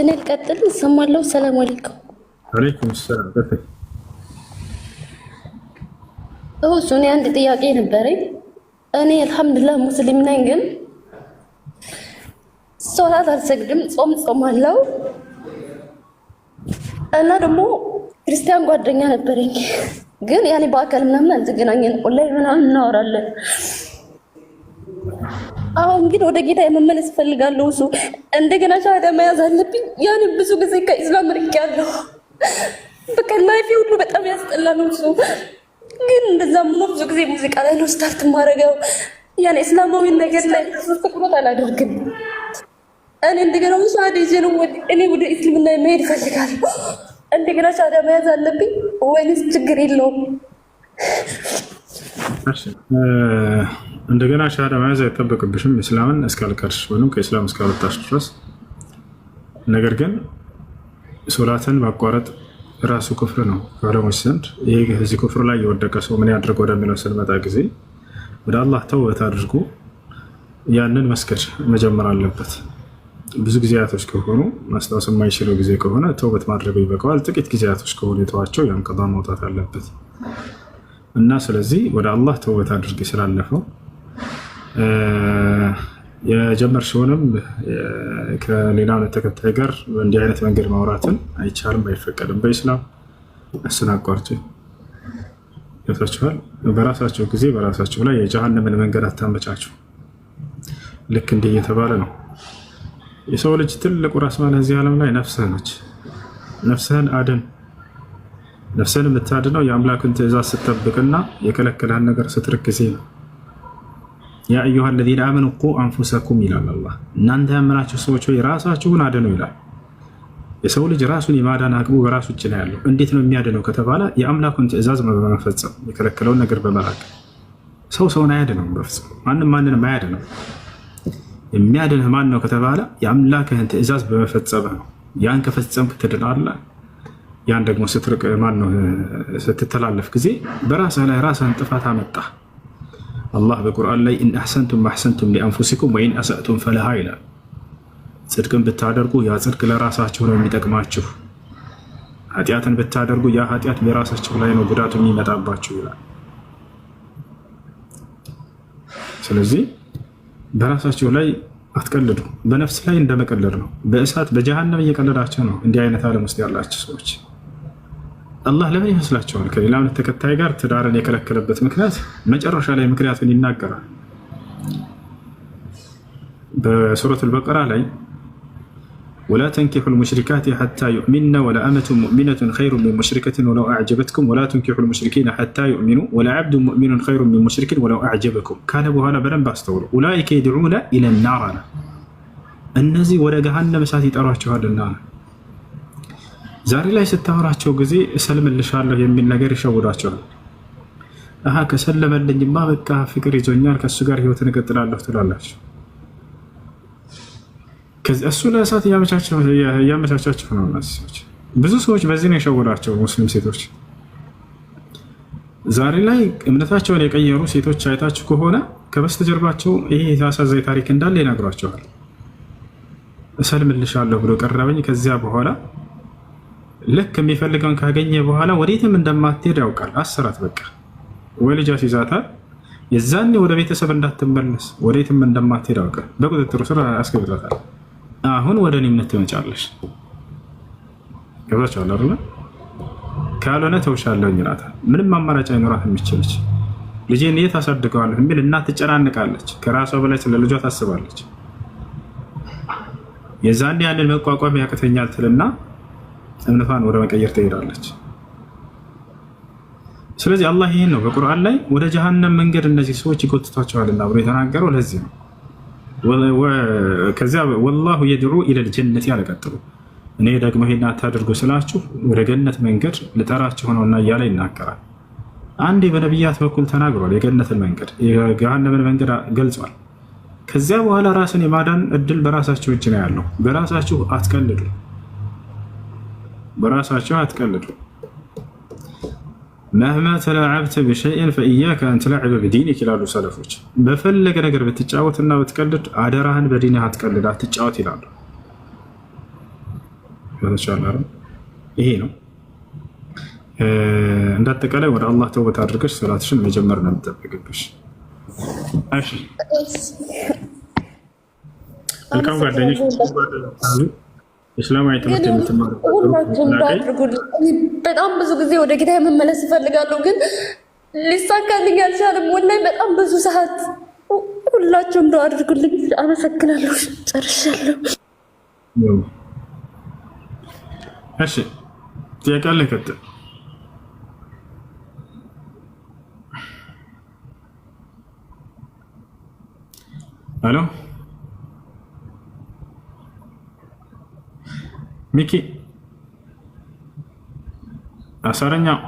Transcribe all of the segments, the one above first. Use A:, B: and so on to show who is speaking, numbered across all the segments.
A: እኔ ቀጥል እሰማለሁ። ሰላም አለይኩም።
B: አለይኩም ሰላም።
A: እሱ እኔ አንድ ጥያቄ ነበረኝ። እኔ አልሐምዱላ ሙስሊም ነኝ፣ ግን ሶላት አልሰግድም፣ ጾም ጾም አለው እና ደግሞ ክርስቲያን ጓደኛ ነበረኝ፣ ግን ያኔ በአካል ምናምን አልተገናኘን፣ ኦንላይን ምናምን እናወራለን አሁን ግን ወደ ጌታ የመመለስ እፈልጋለሁ። እሱ እንደገና ሻሃዳ መያዝ አለብኝ። ያን ብዙ ጊዜ ከኢስላም ርቅ ያለሁ በቃ ላይፌ ሁሉ በጣም ያስጠላ ነው። እሱ ግን እንደዛ ሆኖ ብዙ ጊዜ ሙዚቃ ላይ ነው ስታርት ማድረገው። ያን እስላማዊ ነገር ላይ ትኩረት አላደርግም። እኔ እንደገና ሻሃዳ ይዤ ነው እኔ ወደ እስልምና መሄድ ይፈልጋል። እንደገና ሻሃዳ መያዝ አለብኝ ወይንስ ችግር የለውም?
B: እንደገና ሻሃዳ መያዝ አይጠበቅብሽም እስላምን እስካልቀርሽ ወይም ከእስላም እስካልወጣሽ ድረስ። ነገር ግን ሶላትን ማቋረጥ ራሱ ክፍር ነው በዓለሞች ዘንድ። ይህ እዚህ ላይ የወደቀ ሰው ምን ያድርግ ወደሚለው ስንመጣ ጊዜ ወደ አላህ ተውበት አድርጎ ያንን መስገድ መጀመር አለበት። ብዙ ጊዜያቶች ከሆኑ ማስታወስ የማይችለው ጊዜ ከሆነ ተውበት ማድረጉ ይበቃዋል። ጥቂት ጊዜያቶች ከሆኑ የተዋቸው ያን ቀዳ ማውጣት አለበት። እና ስለዚህ ወደ አላህ ተውበት አድርጌ ስላለፈው የጀመር ሲሆንም ከሌላ እምነት ተከታይ ጋር እንዲህ አይነት መንገድ ማውራትን አይቻልም፣ አይፈቀድም። በኢስላም አሰናቋርጭ ገብታችኋል። በራሳቸው ጊዜ በራሳቸው ላይ የጀሃነምን መንገድ አታመቻቸው። ልክ እንዲህ እየተባለ ነው። የሰው ልጅ ትልቁ ራስ ማለት እዚህ ዓለም ላይ ነፍስህ ነች። ነፍስህን አድን። ነፍስን የምታድነው የአምላክን ትእዛዝ ስትጠብቅና የከለከለህን ነገር ስትርክ ሲል ነው። ያ አዩሃ ለዚነ አመኑ ቁ አንፉሰኩም ይላል አላህ። እናንተ ያመናችሁ ሰዎች ሆይ ራሳችሁን አድኑ ይላል። የሰው ልጅ ራሱን የማዳን አቅሙ በራሱ እጅ ነው ያለው። እንዴት ነው የሚያድነው ከተባለ የአምላኩን ትእዛዝ በመፈጸም የከለከለውን ነገር በመራቅ ሰው ሰውን አያድነው በፍጹም ማንም ማንንም አያድነው። የሚያድንህ ማን ነው ከተባለ የአምላክህን ትእዛዝ በመፈጸመ ነው። ያን ከፈጸምክ ትድናለህ። ያን ደግሞ ስትርቅ ነው ስትተላለፍ ጊዜ በራስህ ላይ ራስህን ጥፋት አመጣ። አላህ በቁርአን ላይ ኢን አሕሰንቱም አሕሰንቱም ሊአንፉሲኩም ወኢን አሰእቱም ፈለሃ ይላል። ጽድቅን ብታደርጉ ያ ጽድቅ ለራሳችሁ ነው የሚጠቅማችሁ፣ ኃጢአትን ብታደርጉ ያ ኃጢአት በራሳችሁ ላይ ነው ጉዳቱ የሚመጣባችሁ ይላል። ስለዚህ በራሳችሁ ላይ አትቀልዱ። በነፍስ ላይ እንደመቀለድ ነው። በእሳት በጀሃነም እየቀለዳቸው ነው። እንዲህ አይነት ዓለም ውስጥ ያላቸው ሰዎች አላህ ለምን ይመስላችኋል ከሌላ እምነት ተከታይ ጋር ትዳርን የከለከለበት ምክንያት? መጨረሻ ላይ ምክንያቱን ይናገራል። በሱረት አልበቀራ ላይ ወላ ተንኪሑ ልሙሽሪካት ሓታ ዩእሚንና ወለአመቱ ሙእሚነቱን ኸይሩ ሚን ሙሽሪከትን ወለው አዕጀበትኩም ወላ ተንኪሑ ልሙሽሪኪነ ሓታ ዩእሚኑ ወለዓብዱ ሙእሚኑን ኸይሩ ሚን ሙሽሪኪን ወለው አዕጀበኩም ካለ በኋላ በደንብ አስተውሉ። ኡላኢከ የድዑነ ኢለናር አለ። እነዚህ ወደ ገሃነም እሳት ይጠሯችኋልና ዛሬ ላይ ስታወራቸው ጊዜ እሰልምልሻለሁ የሚል ነገር ይሸውዳቸዋል። አሀ ከሰለመልኝማ በቃ ፍቅር ይዞኛል ከእሱ ጋር ህይወትን እቀጥላለሁ ትላላችሁ። እሱ ለእሳት እያመቻቻችሁ ነው። ሰዎች ብዙ ሰዎች በዚህ ነው የሸወዳቸው ሙስሊም ሴቶች። ዛሬ ላይ እምነታቸውን የቀየሩ ሴቶች አይታችሁ ከሆነ ከበስተጀርባቸው ይሄ አሳዛኝ ታሪክ እንዳለ ይነግሯቸዋል። እሰልምልሻለሁ ብሎ ቀረበኝ ከዚያ በኋላ ልክ የሚፈልገውን ካገኘ በኋላ ወዴትም እንደማትሄድ ያውቃል። አስራት በቃ ወልጃ ሲዛታል። የዛኔ ወደ ቤተሰብ እንዳትመለስ ወዴትም እንደማትሄድ ያውቃል። በቁጥጥሩ ስር አስገብቷታል። አሁን ወደ እኔ እምነት ትመጫለሽ ገብቷቸዋል አይደለ? ካልሆነ ተውሻለሁኝ ይላታል። ምንም አማራጭ አይኖራት የሚችለች ልጄን የት አሳድገዋለሁ የሚል እናት ትጨናንቃለች። ከራሷ በላይ ስለ ልጇ ታስባለች። የዛኔ ያንን መቋቋም ያቅተኛል ትልና እምነቷን ወደ መቀየር ትሄዳለች። ስለዚህ አላህ ይህን ነው በቁርአን ላይ ወደ ጀሃነም መንገድ እነዚህ ሰዎች ይጎትቷቸዋልና ብሎ የተናገረው ለዚህ ነው። ከዚያ ወላሁ የድዑ ኢለል ጀነት እኔ ደግሞ ይሄን አታድርጉ ስላችሁ ወደ ገነት መንገድ ልጠራችሁ ነውና እያለ ይናገራል። አንዴ በነቢያት በኩል ተናግሯል። የገነትን መንገድ የገሃነምን መንገድ ገልጿል። ከዚያ በኋላ ራስን የማዳን እድል በራሳችሁ እጅ ነው ያለው። በራሳችሁ አትቀልዱ። በራሳቸው አትቀልዱ። መህማ ተላዓብተ ብሸይን ፈእያከ አንትላዕበ ብዲንክ ይላሉ ሰለፎች። በፈለገ ነገር ብትጫወትና ብትቀልድ አደራህን በዲንህ አትቀልድ፣ አትጫወት ይላሉ። ይሄ ነው እንዳጠቃላይ ወደ አላህ ተውበት አድርገሽ ሰላትሽን መጀመር ነው የምጠበቅብሽ። መልካም ጓደኞች እስላማዊ ትምህርት
A: የምትማሩሁላችሁም በጣም ብዙ ጊዜ ወደ ጌታ የመመለስ እፈልጋለሁ፣ ግን ሊሳካልኝ አልቻለም። ወላሂ በጣም ብዙ ሰዓት ሁላችሁም ደ አድርጉልኝ። አመሰግናለሁ። ጨርሻለሁ።
B: እሺ ጥያቄ አለ? ቀጥል። ሄሎ ሚኪ አሳረኛው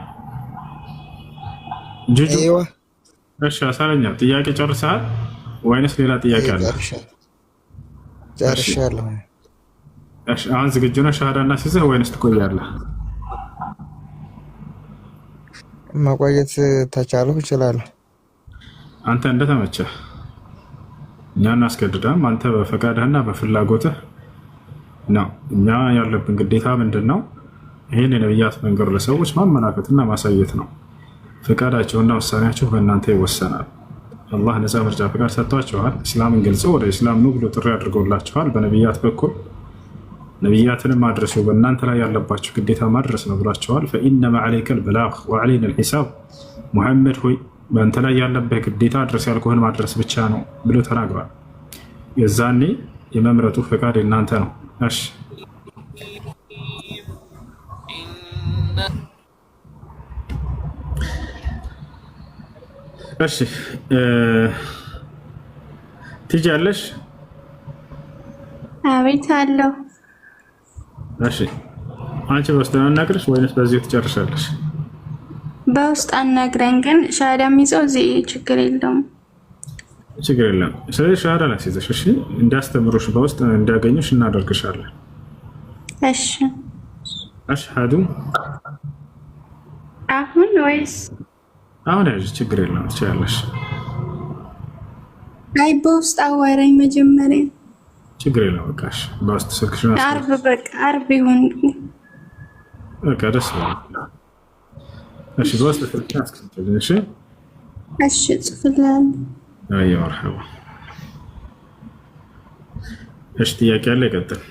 B: ጁጁ እሺ፣ አሳረኛው ጥያቄ ጨርሰሃል ወይንስ ሌላ ጥያቄ አለ?
A: ጨርሻለሁ።
B: እሺ፣ አሁን ዝግጁ ነው ሻሃዳ እናስይዝህ ወይንስ ትቆያለህ?
A: መቆየት ተቻለሁ እችላለሁ።
B: አንተ እንደተመቸህ እኛ እናስገድዳም። አንተ በፈቃድህና በፍላጎትህ ነው። እኛ ያለብን ግዴታ ምንድን ነው? ይህን የነቢያት መንገድ ለሰዎች ማመላከትና ማሳየት ነው። ፍቃዳቸውና ውሳኔያቸው በእናንተ ይወሰናል። አላህ ነፃ ምርጫ ፍቃድ ሰጥቷቸዋል። እስላምን ገልጾ ወደ እስላም ኑ ብሎ ጥሪ አድርገውላቸዋል በነቢያት በኩል ነቢያትን ማድረሱ በእናንተ ላይ ያለባቸው ግዴታ ማድረስ ነው ብሏቸዋል። ፈኢነማ ዓለይከ ልበላግ ወዓለይና ልሒሳብ ሙሐመድ ሆይ በአንተ ላይ ያለብህ ግዴታ ድረስ ያልኩህን ማድረስ ብቻ ነው ብሎ ተናግሯል። የዛኔ የመምረጡ ፈቃድ የእናንተ ነው። እሺ እሺ ትይዣለሽ?
A: አቤት አለው።
B: እሺ አንቺ በውስጥ ነው እናግርሽ ወይንስ በዚህ ትጨርሻለሽ?
A: በውስጥ አናግረን፣ ግን ሻዳ የሚይዘው እዚህ ችግር የለውም።
B: ችግር የለም። ስለዚህ ሻራ ላስይዘሽ እሺ፣ እንዳስተምሮሽ በውስጥ እንዳገኙሽ እናደርግሻለን። እሺ። አሽሃዱ
A: አሁን ወይስ
B: አሁን? ያዥ ችግር የለም ትችላለሽ።
A: አይ በውስጥ አዋራኝ መጀመሪያ።
B: ችግር የለም በቃሽ። በውስጥ ስልክሽን
A: አርብ፣ በቃ አርብ ይሁን
B: በቃ ደስ ይላል። እሺ፣ በውስጥ ስልክሽን አስቀምጪልኝ። እሺ፣
A: እሺ፣ ጽፍላለሁ
B: አያ መርሐባ። እሺ ጥያቄ አለ፣ ይቀጥል።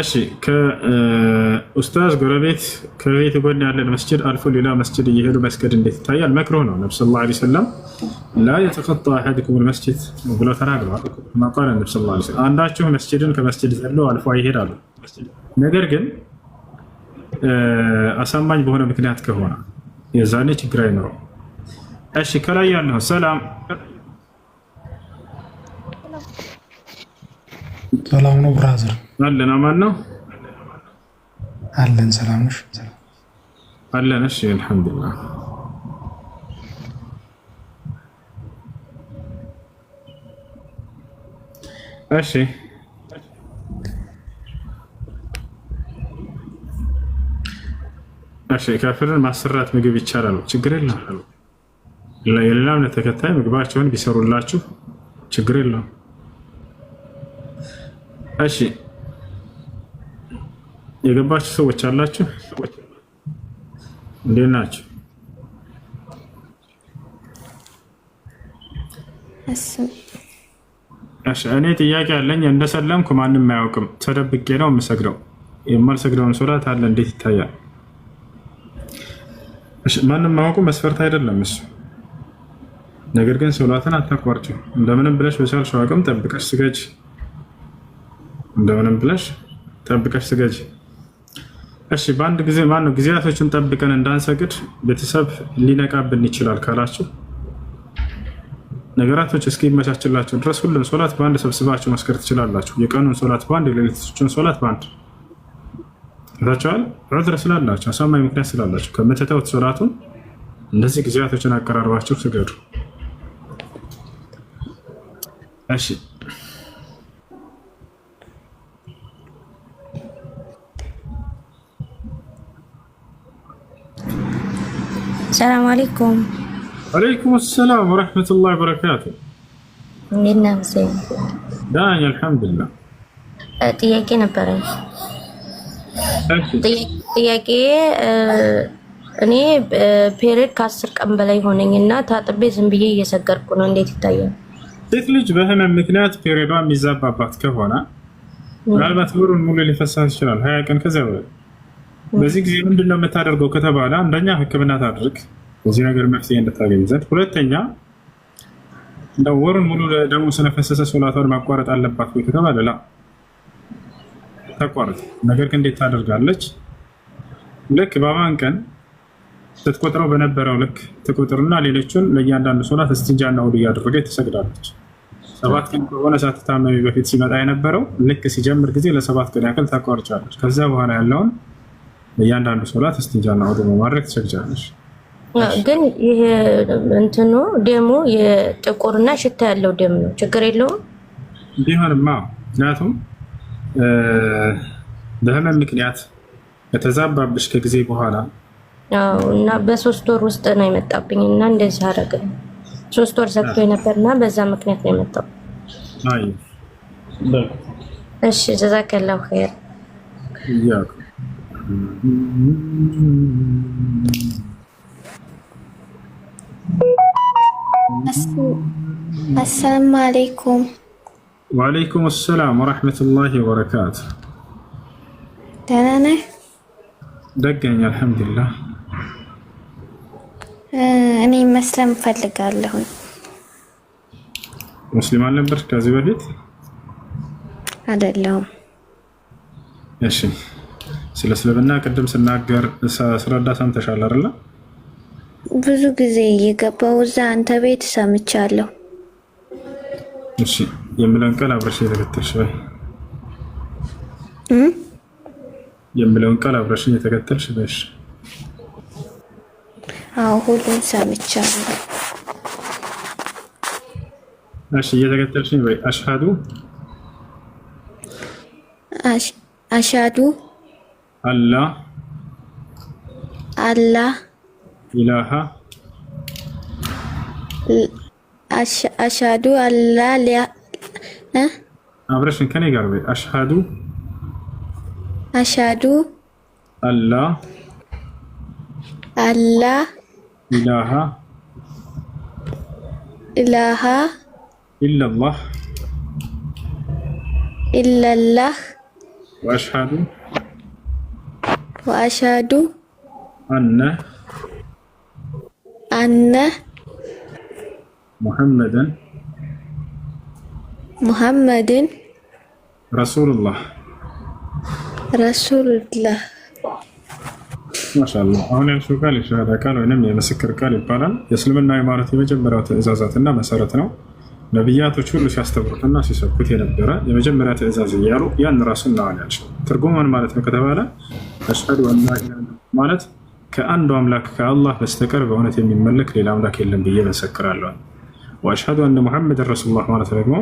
B: እሺ ከኡስታዝ ጎረቤት ከቤት ጎን ያለን መስጅድ አልፎ ሌላ መስጅድ እየሄዱ መስገድ እንዴት ይታያል? መክሩህ ነው። ነብ ስ ላ ሰለም ላ የተቀጣ አሐድኩም ልመስጅድ ብሎ ተናግረዋል። ማቃል ነብ ላ አንዳችሁ መስጅድን ከመስጅድ ዘሎ አልፎ ይሄዳሉ። ነገር ግን አሳማኝ በሆነ ምክንያት ከሆነ የዛኔ ችግር አይኖረው። እሺ ከላይ ያለው ሰላም
A: ሰላም ነው ብራዘር
B: አለን። አማን ነው
A: አለን። ሰላም ነሽ
B: አለን። እሺ አልሐምዱሊላህ። እሺ እሺ ካፍርን ማሰራት ምግብ ይቻላል፣ ችግር የለም። የሌላ እምነት ተከታይ ምግባቸውን ቢሰሩላችሁ ችግር የለም። እሺ የገባችሁ ሰዎች አላችሁ፣ እንዴት ናችሁ? እኔ ጥያቄ አለኝ። እንደሰለምኩ ማንም አያውቅም፣ ተደብቄ ነው የምሰግደው። የማልሰግደውን ሶላት አለ እንዴት ይታያል? ማንም ማወቁ መስፈርት አይደለም እሱ። ነገር ግን ሶላትን አታቋርጭ። እንደምንም ብለሽ በቻልሽው አቅም ጠብቀሽ ስገጅ፣ እንደምንም ብለሽ ጠብቀሽ ስገጅ። እሺ፣ በአንድ ጊዜ ማነው ጊዜያቶችን ጠብቀን እንዳንሰግድ ቤተሰብ ሊነቃብን ይችላል ካላችሁ ነገራቶች እስኪመቻችላቸው ድረስ ሁሉም ሶላት በአንድ ሰብስባችሁ መስከር ትችላላችሁ። የቀኑን ሶላት በአንድ የሌሊቶችን ሶላት በአንድ ብላቸዋል ዑድር ስላላቸው አሳማኝ ምክንያት ስላላቸው ከምትተውት ሶላቱን እነዚህ ጊዜያቶችን አቀራርባቸው ስገዱ። እሺ
A: ሰላም አለይኩም።
B: አለይኩም ሰላም ወረሕመቱላሂ ወበረካቱ።
A: እንዴት ነህ?
B: ዳኝ አልሐምዱሊላህ።
A: ጥያቄ ነበረ ጥያቄ እኔ ፔሬድ ከአስር ቀን በላይ ሆነኝ እና ታጥቤ ዝም ብዬ እየሰገርኩ ነው። እንዴት ይታያል?
B: ሴት ልጅ በህመም ምክንያት ፔሬዷ የሚዛባባት ከሆነ ምናልባት ወሩን ሙሉ ሊፈሳ ይችላል፣ ሀያ ቀን ከዚያ በላይ። በዚህ ጊዜ ምንድን ነው የምታደርገው ከተባለ አንደኛ ሕክምና ታድርግ በዚህ ነገር መፍትሄ እንድታገኝ ዘንድ፣ ሁለተኛ ወሩን ሙሉ ደግሞ ስለፈሰሰ ሶላቷን ማቋረጥ አለባት ወይ ከተባለ ላ አታቋርጥ። ነገር ግን እንዴት ታደርጋለች? ልክ በአማን ቀን ስትቆጥረው በነበረው ልክ ትቆጥርና ሌሎቹን ለእያንዳንዱ ሶላት እስትንጃና ውዱ እያደረገች ትሰግዳለች። ሰባት ቀን ከሆነ ሳትታመሚ በፊት ሲመጣ የነበረው ልክ ሲጀምር ጊዜ ለሰባት ቀን ያክል ታቋርጫለች። ከዚያ በኋላ ያለውን ለእያንዳንዱ ሶላት እስትንጃና ውዱ በማድረግ ትሰግጃለች።
A: ግን ይሄ እንትኑ ደሙ የጥቁርና ሽታ ያለው ደም ነው። ችግር የለውም
B: ቢሆንማ ምክንያቱም በህመም ምክንያት ከተዛባብሽ ከጊዜ በኋላ
A: እና በሶስት ወር ውስጥ ነው የመጣብኝ እና እንደዚህ አደረገ። ሶስት ወር ዘግቶ ነበር እና በዛ ምክንያት ነው የመጣው። እሺ ጀዛከላሁ ኸይር። አሰላሙ አለይኩም
B: ወአለይኩም ሰላም ወረሕመቱላሂ ወበረካቱ። ደህና ነህ? ደገኝ አልሐምዱሊላህ።
A: እኔ መስለም እፈልጋለሁ።
B: ሙስሊም አልነበርሽ ከዚህ በፊት? አይደለሁም። እሺ፣ ስለ እስልምና ቅድም ስናገር ስረዳ ሰምተሻል አይደለ?
A: ብዙ ጊዜ እየገባው እዛ አንተ ቤት ሰምቻለሁ።
B: እሺ የምለውን ቃል አብረሽ የተከተልሽ በይ የምለውን ቃል አብረሽ የተከተልሽ በሽ።
A: አዎ ሁሉም ሰምቻለሁ።
B: እሺ እየተከተልሽኝ በይ። አሽሃዱ አሽሃዱ አላ አላ ኢላሃ
A: አሽሃዱ አላ
B: أبرشن كني قربي أشهدو
A: أشهدو الله الله إله إله إلا الله إلا الله وأشهد وأشهد أن أن
B: محمدا
A: ሙሐመድን
B: ረሱሉላህ
A: ረሱሉላህ።
B: ማሻአላህ አሁን ያልሽው ቃል የሸሃዳ ቃል ወይም የምስክር ቃል ይባላል። የእስልምና ሃይማኖት የመጀመሪያው ትዕዛዛትና መሰረት ነው። ነቢያቶች ሁሉ ሲያስተምሩትና ሲሰብኩት የነበረ የመጀመሪያ ትዕዛዝ እያሉ ያን ራሱን ነዋል ያልሽው ትርጉም ምን ማለት ነው ከተባለ አሽሀዱ አላ ማለት ከአንዱ አምላክ ከአላህ በስተቀር በእውነት የሚመለክ ሌላ አምላክ የለም ብዬ መሰክራለሁ። ወአሽሀዱ አነ ሙሐመድን ረሱሉላህ ማለት ደግሞ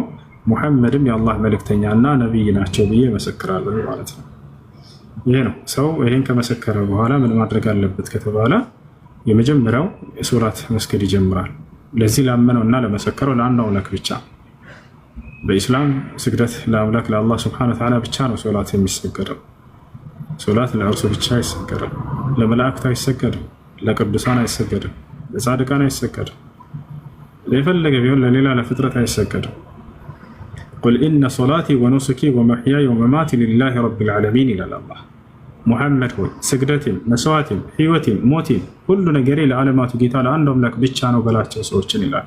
B: ሙሐመድም የአላህ መልእክተኛ እና ነቢይ ናቸው ብዬ መሰክራለሁ ማለት ነው። ይሄ ነው ሰው ይህን ከመሰከረ በኋላ ምን ማድረግ አለበት ከተባለ የመጀመሪያው የሶላት መስገድ ይጀምራል። ለዚህ ላመነው እና ለመሰከረው ለአንድ አምላክ ብቻ በኢስላም ስግደት ለአምላክ ለአላህ ስብሐነ ወተዓላ ብቻ ነው ሶላት የሚሰገደው። ሶላት ለእርሱ ብቻ አይሰገድም። ለመላእክት አይሰገድም። ለቅዱሳን አይሰገድም። ለጻድቃን አይሰገድም። የፈለገ ቢሆን ለሌላ ለፍጥረት አይሰገድም። ቁል ኢነ ሶላቲ ወኑሱኪ ወመሕያይ ወመማቲ ሊላሂ ረቢል ዓለሚን ይላል አላህ። ሙሐመድ ሆይ ስግደቴም መስዋዕቴም ሕይወቴም ሞቴም ሁሉ ነገሬ ለዓለማቱ ጌታ ለአንድ አምላክ ብቻ ነው በላቸው ሰዎችን ይላል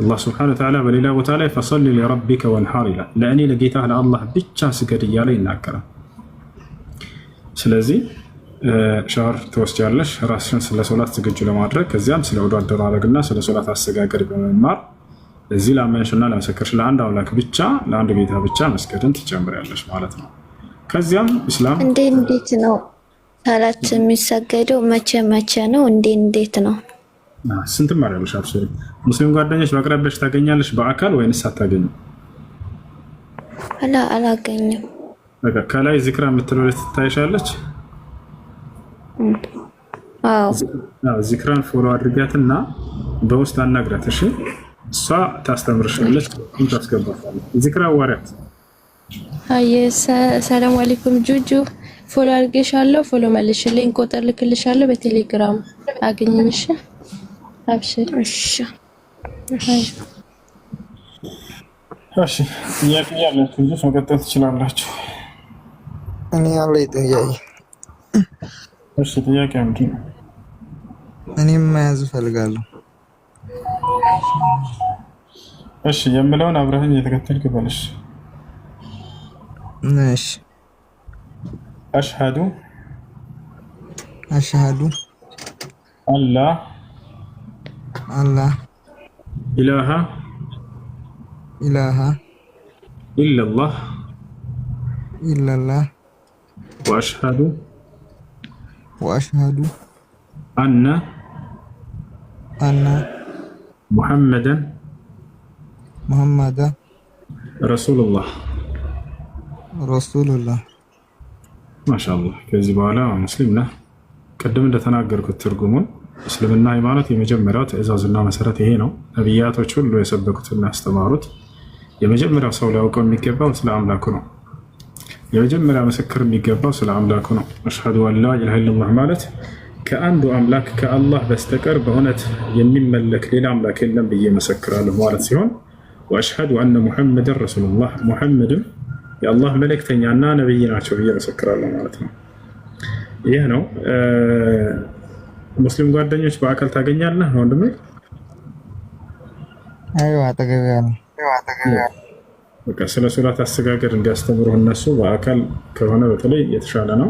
B: አላህ ስብሐነሁ ወተዓላ። በሌላ ቦታ ላይ ፈሰሊ ለረቢከ ወንሐር ይላል። ለእኔ ለጌታ ለአላህ ብቻ ስገድ እያለ ይናገራል። ስለዚህ ሻወር ትወስጃለሽ ራስሽን ስለ ሶላት ዝግጁ ለማድረግ ከዚያም ስለ ውዱ አደራረግና ስለ ሶላት አሰጋገድ በመማር እዚህ ላመንሽና ለመሰከርሽ ለአንድ አምላክ ብቻ ለአንድ ጌታ ብቻ መስገድን ትጨምሪያለሽ ማለት ነው። ከዚያም ኢስላም
A: እንዴ እንዴት ነው ሰላት የሚሰገደው? መቼ መቼ ነው? እንዴ እንዴት ነው?
B: ስንት ማሪያለሽ? አብሶሪ ሙስሊም ጓደኞች በአቅራቢያሽ ታገኛለሽ በአካል ወይንስ አታገኙ?
A: አላ አላገኝም።
B: ከላይ ዚክራ የምትለው ትታይሻለች ዚክራን ፎሎ አድርጋትና በውስጥ አናግራት። እሺ እሷ ታስተምርሻለች፣ ታስገባታለች። ዚክራ ዋሪያት።
A: ሰላም አለይኩም ጁጁ ፎሎ አድርገሻለሁ፣ ፎሎ መልሽልኝ፣ ቁጥር ልክልሻለሁ በቴሌግራም አገኘንሽ። አብሽር። እሺ
B: እሺ፣ ጥያቄ ያላችሁ ልጆች መቀጠል ትችላላችሁ።
A: እኔ ያለ ጥያቄ
B: እሺ ጥያቄ አምጪ።
A: እኔም መያዝ እፈልጋለሁ።
B: እሺ የምለውን አብረህኝ እየተከተልክ በል። እሺ እሺ አሽሃዱ አሽሃዱ አላ አላ ኢላሃ ኢላሃ ኢላላህ ኢላላህ ወአሽሃዱ ወአሽሃዱ አነ አነ ሙሐመደን ሙሐመደ ረሱሉላህ
A: ረሱሉላህ።
B: ማሻአላህ። ከዚህ በኋላ ሙስሊም ነህ። ቅድም እንደተናገርኩት ትርጉሙን እስልምና ሃይማኖት የመጀመሪያው ትዕዛዝና መሰረት ይሄ ነው። ነቢያቶች ሁሉ የሰበኩትና ያስተማሩት የመጀመሪያው ሰው ሊያውቀው የሚገባው ስለ አምላኩ ነው። የመጀመሪያ ምስክር የሚገባው ስለ አምላኩ ነው። አሽሀዱ አን ላ ኢላሀ ኢለላህ ማለት ከአንዱ አምላክ ከአላህ በስተቀር በእውነት የሚመለክ ሌላ አምላክ የለም ብዬ መሰክራለሁ ማለት ሲሆን ወአሽሀዱ አነ ሙሐመድን ረሱሉላህ ሙሐመድም የአላህ መልእክተኛና ነቢይ ናቸው ብዬ መሰክራለሁ ማለት ነው። ይህ ነው። ሙስሊም ጓደኞች በአካል ታገኛለህ ወንድሜ? አጠገብ ያለ በቃ ስለ ሶላት አሰጋገድ እንዲያስተምሩ እነሱ በአካል ከሆነ በተለይ የተሻለ ነው።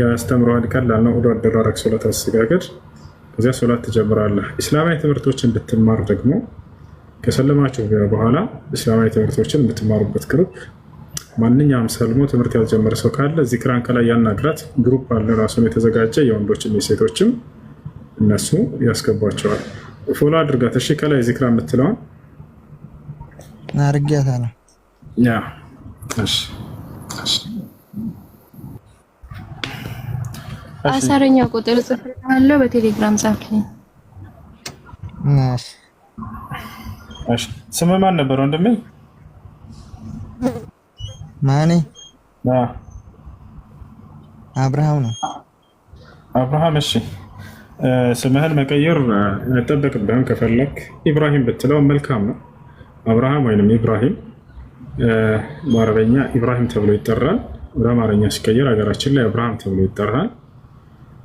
B: ያስተምረዋል። ቀላል ነው። ኡዱ አደራረግ ሶላት አሰጋገድ። ከዚያ ሶላት ትጀምራለህ። እስላማዊ ትምህርቶች እንድትማር ደግሞ ከሰለማችሁ በኋላ እስላማዊ ትምህርቶችን የምትማሩበት ግሩፕ ማንኛውም ሰልሞ ትምህርት ያልጀመረ ሰው ካለ ዚክራን ከላይ ያናግራት። ግሩፕ አለ ራሱን የተዘጋጀ የወንዶችም የሴቶችም እነሱ ያስገቧቸዋል። ፎሎ አድርጋት። እሺ ከላይ ዚክራ የምትለውን
A: አድርጌያታለሁ። አሳረኛ ቁጥር ጽፍልሃለሁ፣ በቴሌግራም ጻፍልኝ።
B: ስም ማን ነበር ወንድሜ?
A: ማኔ አብርሃም ነው።
B: አብርሃም እሺ፣ ስምህን መቀየር አይጠበቅብህም። ከፈለክ ኢብራሂም ብትለው መልካም ነው። አብርሃም ወይም ኢብራሂም በአረበኛ ኢብራሂም ተብሎ ይጠራል። ወደ አማርኛ ሲቀየር ሀገራችን ላይ አብርሃም ተብሎ ይጠራል።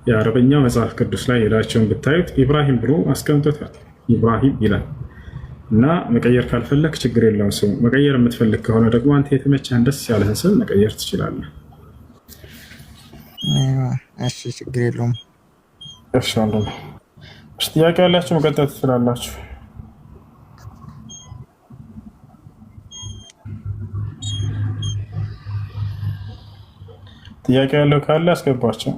B: የአረበኛ መጽሐፍ ቅዱስ ላይ ሄዳቸውን ብታዩት ኢብራሂም ብሎ አስቀምጦታል። ኢብራሂም ይላል እና መቀየር ካልፈለግ ችግር የለውም። ስሙ መቀየር የምትፈልግ ከሆነ ደግሞ አንተ የተመቸህን ደስ ያለህን ስም መቀየር ትችላለህ።
A: እሺ ችግር የለውም።
B: እርሻለ ጥያቄ ያላችሁ መቀጠል ትችላላችሁ። ጥያቄ ያለው ካለ አስገባቸው።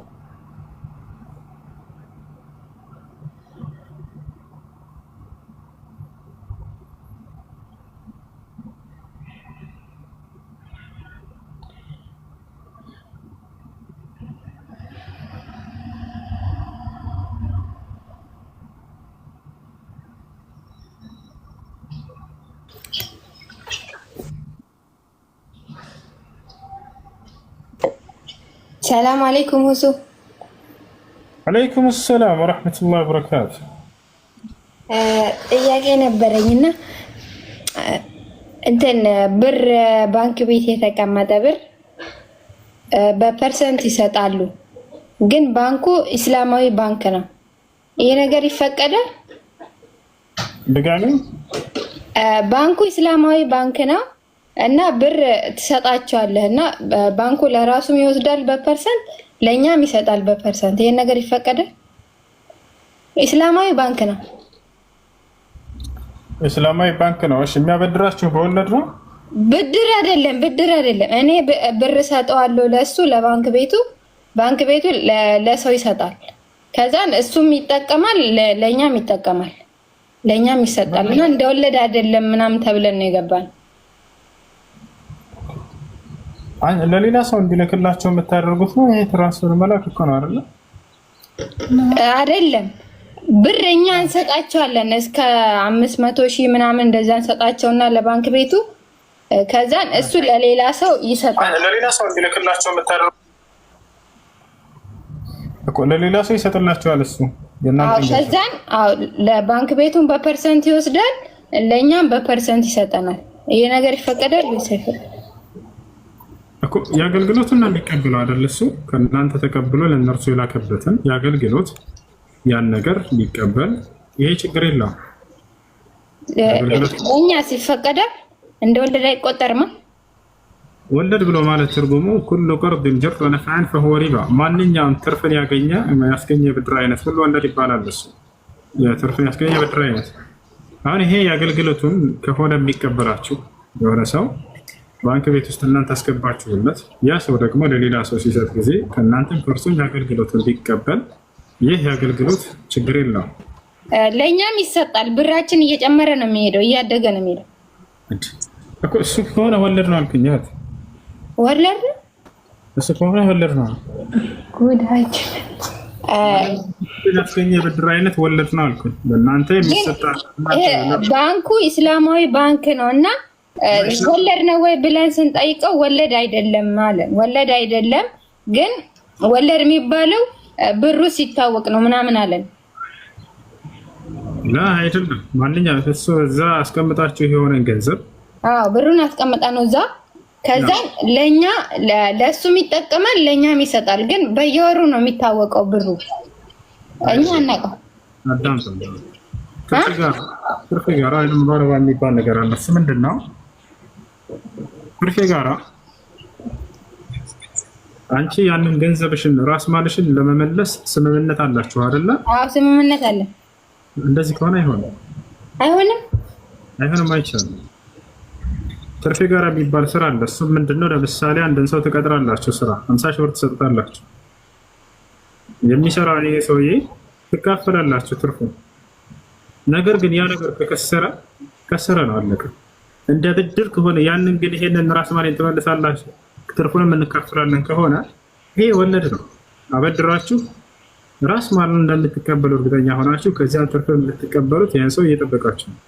B: አለይኩም ሁሱ አለይኩም ሰላም ወረሕመቱላሂ ወበረካቱ።
A: ጥያቄ ነበረኝና እንትን ብር ባንክ ቤት የተቀመጠ ብር በፐርሰንት ይሰጣሉ፣ ግን ባንኩ ኢስላማዊ ባንክ ነው። ይሄ ነገር ይፈቀዳል? ድጋሚ ባንኩ ኢስላማዊ ባንክ ነው እና ብር ትሰጣቸዋለህ እና ባንኩ ለራሱም ይወስዳል በፐርሰንት ለእኛም ይሰጣል በፐርሰንት። ይህን ነገር ይፈቀዳል? ኢስላማዊ ባንክ ነው።
B: ኢስላማዊ ባንክ ነው። እሺ የሚያበድራችሁ በወለድ ነው?
A: ብድር አይደለም፣ ብድር አይደለም። እኔ ብር ሰጠዋለሁ ለእሱ ለባንክ ቤቱ፣ ባንክ ቤቱ ለሰው ይሰጣል። ከዛን እሱም ይጠቀማል፣ ለእኛም ይጠቀማል፣ ለእኛም ይሰጣል። እና እንደወለድ አይደለም ምናምን ተብለን ነው የገባን
B: ለሌላ ሰው እንዲልክላቸው የምታደርጉት ነው። ይሄ ትራንስፈር መላክ እኮ ነው አይደለ?
A: አይደለም ብር እኛ እንሰጣቸዋለን እስከ አምስት መቶ ሺህ ምናምን እንደዛ እንሰጣቸውና ለባንክ ቤቱ ከዛን እሱ ለሌላ ሰው ይሰጣል።
B: ለሌላ ሰው እንዲልክላቸው የምታደርጉት ለሌላ ሰው ይሰጥላቸዋል እሱ
A: ከዛን ለባንክ ቤቱን በፐርሰንት ይወስዳል፣ ለእኛም በፐርሰንት ይሰጠናል። ይሄ ነገር ይፈቀዳል ይሰይፈል
B: የአገልግሎትን የሚቀበለው አይደል? እሱ ከእናንተ ተቀብሎ ለእነርሱ የላከበትን የአገልግሎት ያን ነገር ሊቀበል ይሄ ችግር የለው።
A: እኛ ሲፈቀደ እንደ ወለድ አይቆጠርም።
B: ወለድ ብሎ ማለት ትርጉሙ ኩሉ ቀርድን ጀር ነፍዓን ፈሁወ ሪባ፣ ማንኛውም ትርፍን ያገኘ ያስገኘ የብድር አይነት ሁሉ ወለድ ይባላል። እሱ ትርፍን ያስገኘ የብድር አይነት። አሁን ይሄ የአገልግሎቱን ከሆነ የሚቀበላችሁ የሆነ ሰው ባንክ ቤት ውስጥ እናንተ አስገባችሁለት። ያ ሰው ደግሞ ለሌላ ሰው ሲሰጥ ጊዜ ከእናንተም ፐርሶን የአገልግሎት እንዲቀበል ይህ የአገልግሎት ችግር የለው።
A: ለእኛም ይሰጣል። ብራችን እየጨመረ ነው የሚሄደው፣ እያደገ ነው የሚሄደው።
B: እሱ ከሆነ ወለድ ነው አልኩኝ። እህት ወለድ እሱ ከሆነ ወለድ ነው ጉዳች ላስገኘ የብድር አይነት ወለድ ነው አልኩኝ። በእናንተ የሚሰጣ
A: ባንኩ ኢስላማዊ ባንክ ነው እና ወለድ ነው ወይ ብለን ስንጠይቀው ወለድ አይደለም አለ። ወለድ አይደለም ግን ወለድ የሚባለው ብሩ ሲታወቅ ነው ምናምን አለን።
B: ላ አይደለም ማንኛውም እሱ እዛ አስቀምጣችሁ የሆነን ገንዘብ
A: ብሩን አስቀምጣ ነው እዛ። ከዛ ለኛ ለሱ የሚጠቀመን ለኛም ይሰጣል። ግን በየወሩ ነው የሚታወቀው ብሩ እኛ አናውቀው። አዳም
B: ትርፍ ጋር ትርፍ ጋር አይደለም የሚባል ነገር አለ። ስ ምንድን ነው መርፌ ጋራ አንቺ ያንን ገንዘብሽን ራስ ማልሽን ለመመለስ ስምምነት አላችሁ አይደለ?
A: አዎ ስምምነት አለ።
B: እንደዚህ ከሆነ አይሆንም፣ አይሆንም፣ አይሆንም፣ አይቻልም። ትርፌ ጋራ የሚባል ስራ አለ። እሱ ምንድነው? ለምሳሌ አንድን ሰው ትቀጥራላችሁ፣ ስራ ሀምሳ ሺህ ብር ትሰጥታላችሁ። የሚሰራው ይሄ ሰውዬ ትካፈላላችሁ ትርፉ። ነገር ግን ያ ነገር ከከሰረ ከሰረ ነው፣ አለቀ። እንደ ብድር ከሆነ ያንን ግን ይሄንን ራስ ማሌን ትመልሳላችሁ፣ ትርፉንም እንካፍላለን ከሆነ ይሄ ወለድ ነው። አበድራችሁ ራስ ማልን እንደምትቀበሉ እርግጠኛ ሆናችሁ ከዚያ ትርፍ የምትቀበሉት ያን ሰው እየጠበቃችሁ ነው።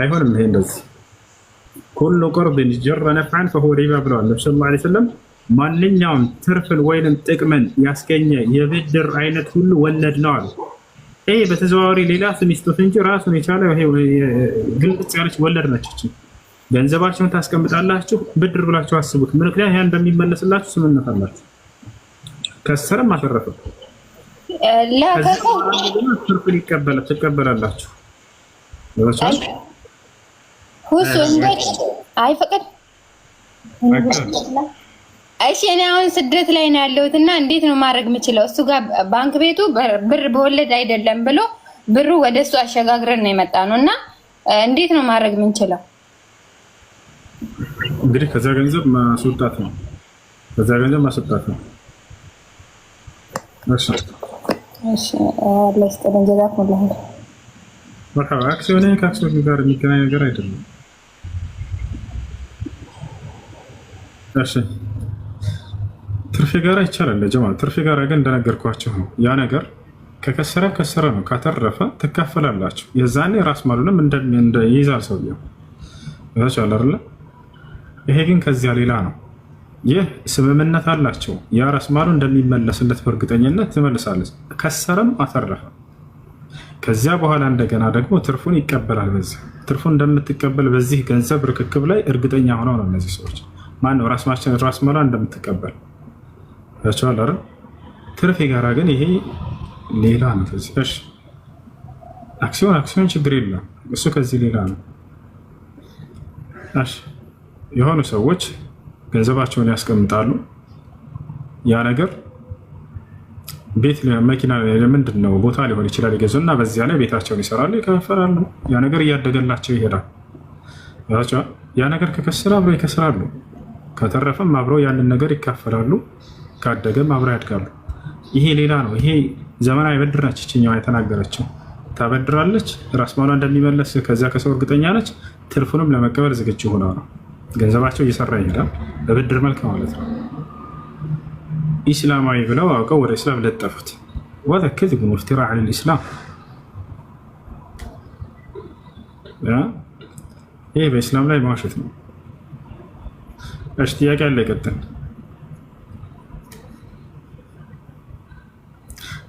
B: አይሆንም። ይሄ እንደዚህ ኩሉ ቀርድን ጀረ ነፍዓን ፈሁ ሪባ ብለዋል ነቢ ስለ ላ ስለም። ማንኛውም ትርፍን ወይንም ጥቅምን ያስገኘ የብድር አይነት ሁሉ ወለድ ነው አሉ ይሄ በተዘዋዋሪ ሌላ ስም እንጂ ራሱን የቻለ ግልጽ ያለች ወለድ ነች። ገንዘባችሁን ታስቀምጣላችሁ፣ ብድር ብላችሁ አስቡት። ምክንያት ያ እንደሚመለስላችሁ ስምነት አላችሁ። ከሰረም አተረፈም ትርፍን ትቀበላላችሁ።
A: አይፈቅድ እሺ እኔ አሁን ስደት ላይ ነው ያለሁት እና እንዴት ነው ማድረግ የምችለው? እሱ ጋር ባንክ ቤቱ ብር በወለድ አይደለም ብሎ ብሩ ወደ እሱ አሸጋግረን ነው የመጣ ነው እና እንዴት ነው ማድረግ የምንችለው?
B: እንግዲህ ከዛ ገንዘብ ማስወጣት ነው። ከዛ ገንዘብ ማስወጣት ነው። መርሐባ አክሲዮን ከአክሲዮን ጋር የሚገናኝ ነገር አይደለም። እሺ ትርፌ ጋራ ይቻላል። ለጀማ ትርፌ ጋራ ግን እንደነገርኳቸው ነው። ያ ነገር ከከሰረ ከሰረ ነው፣ ካተረፈ ትካፈላላችሁ። የዛኔ ራስ ማሉንም ይይዛል ሰውየው ቻለ ይሄ ግን ከዚያ ሌላ ነው። ይህ ስምምነት አላቸው። ያ ራስ ማሉ እንደሚመለስለት በእርግጠኝነት ትመልሳለች። ከሰረም አተረፈ ከዚያ በኋላ እንደገና ደግሞ ትርፉን ይቀበላል። በዚህ ትርፉን እንደምትቀበል በዚህ ገንዘብ ርክክብ ላይ እርግጠኛ ሆነው ነው እነዚህ ሰዎች ማነው ራስ ራስ ማሏ እንደምትቀበል ያቸዋል አረ ትርፍ የጋራ ግን ይሄ ሌላ ነው። እሺ አክሲዮን አክሲዮን ችግር የለም እሱ ከዚህ ሌላ ነው። እሺ የሆኑ ሰዎች ገንዘባቸውን ያስቀምጣሉ። ያ ነገር ቤት መኪና ምንድን ነው ቦታ ሊሆን ይችላል ይገዙ እና በዚያ ላይ ቤታቸውን ይሰራሉ፣ ይከፋፈላሉ። ያ ነገር እያደገላቸው ይሄዳል። ያ ነገር ከከሰረ አብረው ይከስራሉ፣ ከተረፈም አብረው ያንን ነገር ይካፈላሉ። ካደገም አብረው ያድጋሉ። ይሄ ሌላ ነው። ይሄ ዘመናዊ ብድር ነች። ይችኛዋ የተናገረችው ታበድራለች፣ ራስ ማሏ እንደሚመለስ ከዚያ ከሰው እርግጠኛ ነች። ትርፉንም ለመቀበል ዝግጁ ሆነ ነው። ገንዘባቸው እየሰራ ይሄዳል፣ በብድር መልክ ማለት ነው። ኢስላማዊ ብለው አውቀው ወደ እስላም ለጠፉት። ወተክዝቡ ሙፍቲራ ዐለል ኢስላም ይህ በእስላም ላይ ማውሸት ነው። እሺ ጥያቄ አለ።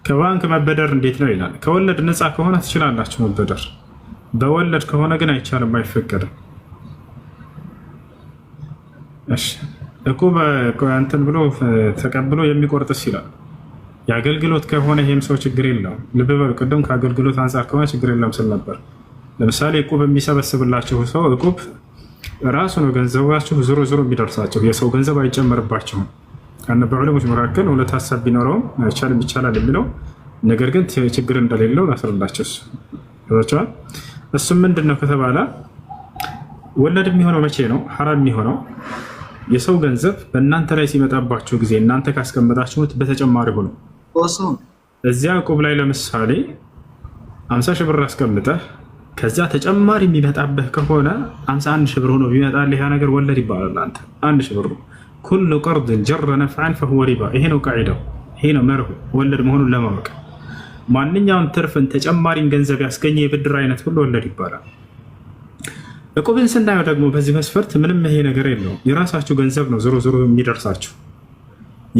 B: ከባንክ መበደር እንዴት ነው ይላል። ከወለድ ነፃ ከሆነ ትችላላችሁ መበደር። በወለድ ከሆነ ግን አይቻልም፣ አይፈቀድም። እቁ እንትን ብሎ ተቀብሎ የሚቆርጥስ ይላል። የአገልግሎት ከሆነ ይህም ሰው ችግር የለውም። ልብ በሉ፣ ቅድም ከአገልግሎት አንጻር ከሆነ ችግር የለም ስል ነበር። ለምሳሌ እቁብ የሚሰበስብላችሁ ሰው እቁብ ራሱ ነው ገንዘባችሁ ዞሮ ዞሮ የሚደርሳቸው፣ የሰው ገንዘብ አይጨመርባቸውም። በዑለሞች መካከል ሁለት ሀሳብ ቢኖረውም አይቻልም ይቻላል የሚለው ነገር ግን ችግር እንደሌለው ላስረዳቸው ቸዋል። እሱም ምንድን ነው ከተባለ ወለድ የሚሆነው መቼ ነው? ሀራም የሚሆነው የሰው ገንዘብ በእናንተ ላይ ሲመጣባችሁ ጊዜ እናንተ ካስቀመጣችሁት በተጨማሪ ሆኖ እዚያ ቁብ ላይ ለምሳሌ አምሳ ሺህ ብር አስቀምጠህ ከዚያ ተጨማሪ የሚመጣብህ ከሆነ አምሳ አንድ ሺህ ብር ሆኖ ቢመጣልህ ያ ነገር ወለድ ይባላል። አንተ አንድ ሺህ ብር ነው ኩሉ ቀርድን ጀረ ነፍዓን ፈሁወ ሪባ። ይሄ ነው ቃዒዳው፣ ይሄ ነው መርሁ ወለድ መሆኑን ለማወቅ ማንኛውም ትርፍን ተጨማሪን ገንዘብ ያስገኘ የብድር አይነት ሁሉ ወለድ ይባላል። ዕቁብን ስናየው ደግሞ በዚህ መስፈርት ምንም ይሄ ነገር የለውም። የራሳችሁ ገንዘብ ነው ዞሮ ዞሮ የሚደርሳችሁ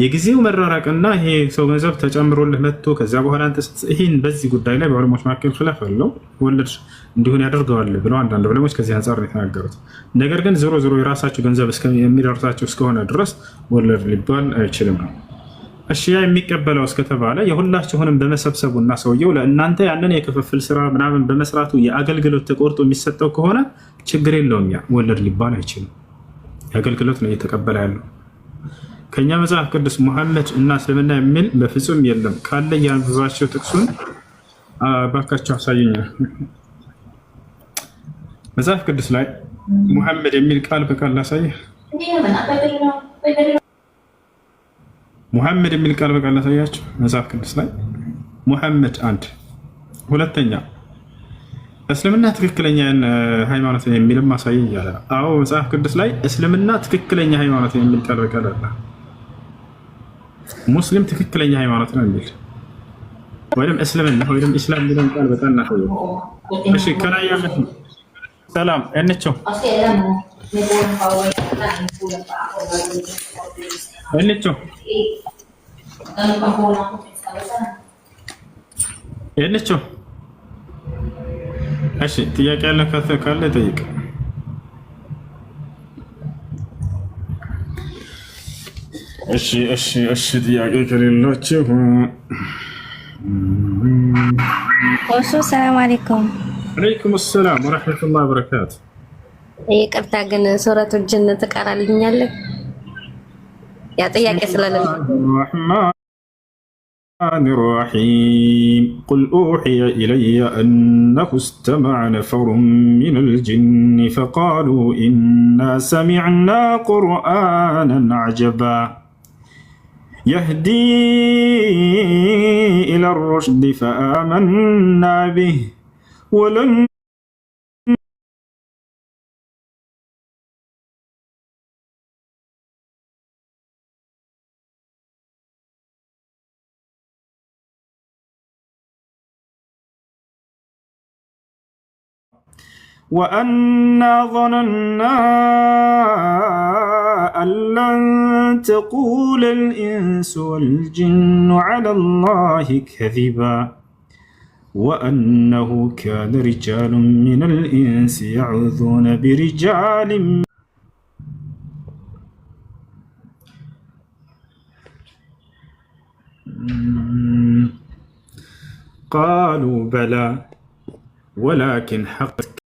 B: የጊዜው መራራቅና ይሄ ሰው ገንዘብ ተጨምሮልህ መጥቶ ከዚያ በኋላ ይህን በዚህ ጉዳይ ላይ በዑለሞች መካከል ኺላፍ አለው። ወለድ እንዲሆን ያደርገዋል ብለው አንዳንድ ዑለሞች ከዚህ አንጻር ነው የተናገሩት። ነገር ግን ዞሮ ዞሮ የራሳቸው ገንዘብ የሚደርሳቸው እስከሆነ ድረስ ወለድ ሊባል አይችልም ነው። እሺያ የሚቀበለው እስከተባለ የሁላችሁንም እና ሰውየው ለእናንተ ያንን የክፍፍል ስራ ምናምን በመስራቱ የአገልግሎት ተቆርጦ የሚሰጠው ከሆነ ችግር የለውም፣ ያ ወለድ ሊባል አይችልም። የአገልግሎት ነው እየተቀበለ ያለው ከእኛ መጽሐፍ ቅዱስ ሙሐመድ እና እስልምና የሚል በፍጹም የለም። ካለ እያንዛቸው ጥቅሱን ባካቸው አሳየኛል። መጽሐፍ ቅዱስ ላይ ሙሐመድ የሚል ቃል በቃል ላሳየ። ሙሐመድ የሚል ቃል በቃል ላሳያቸው። መጽሐፍ ቅዱስ ላይ ሙሐመድ አንድ። ሁለተኛ እስልምና ትክክለኛ ሃይማኖት የሚልም ማሳየ እያለ አዎ፣ መጽሐፍ ቅዱስ ላይ እስልምና ትክክለኛ ሃይማኖት የሚል ቃል በቃል አለ። ሙስሊም ትክክለኛ ሃይማኖት ነው የሚል ወይም እስልምና ወይም ኢስላም የሚለውን ቃል በጣም ና እሺ፣ ከላይ ያሉት ሰላም እንቸው እንቸው እንቸው። እሺ ጥያቄ ያለ ካለ ጠይቅ። أشي أشي أشي دي أجيك للوتشي وشو
A: السلام عليكم
B: عليكم السلام ورحمة الله وبركاته
A: أي كرتا أقول سورة الجنة تقرأ لي يا طيب الله الرحمن
B: الرحيم قل أوحي إلي أنه استمع نفر من الجن فقالوا إنا سمعنا قرآنا عجباً يهدي إلى الرشد فآمنا به ولن وأنا ظننا أن لن تقول الإنس والجن على الله كذبا وأنه كان رجال من الإنس يعوذون برجال قالوا بلى ولكن حقك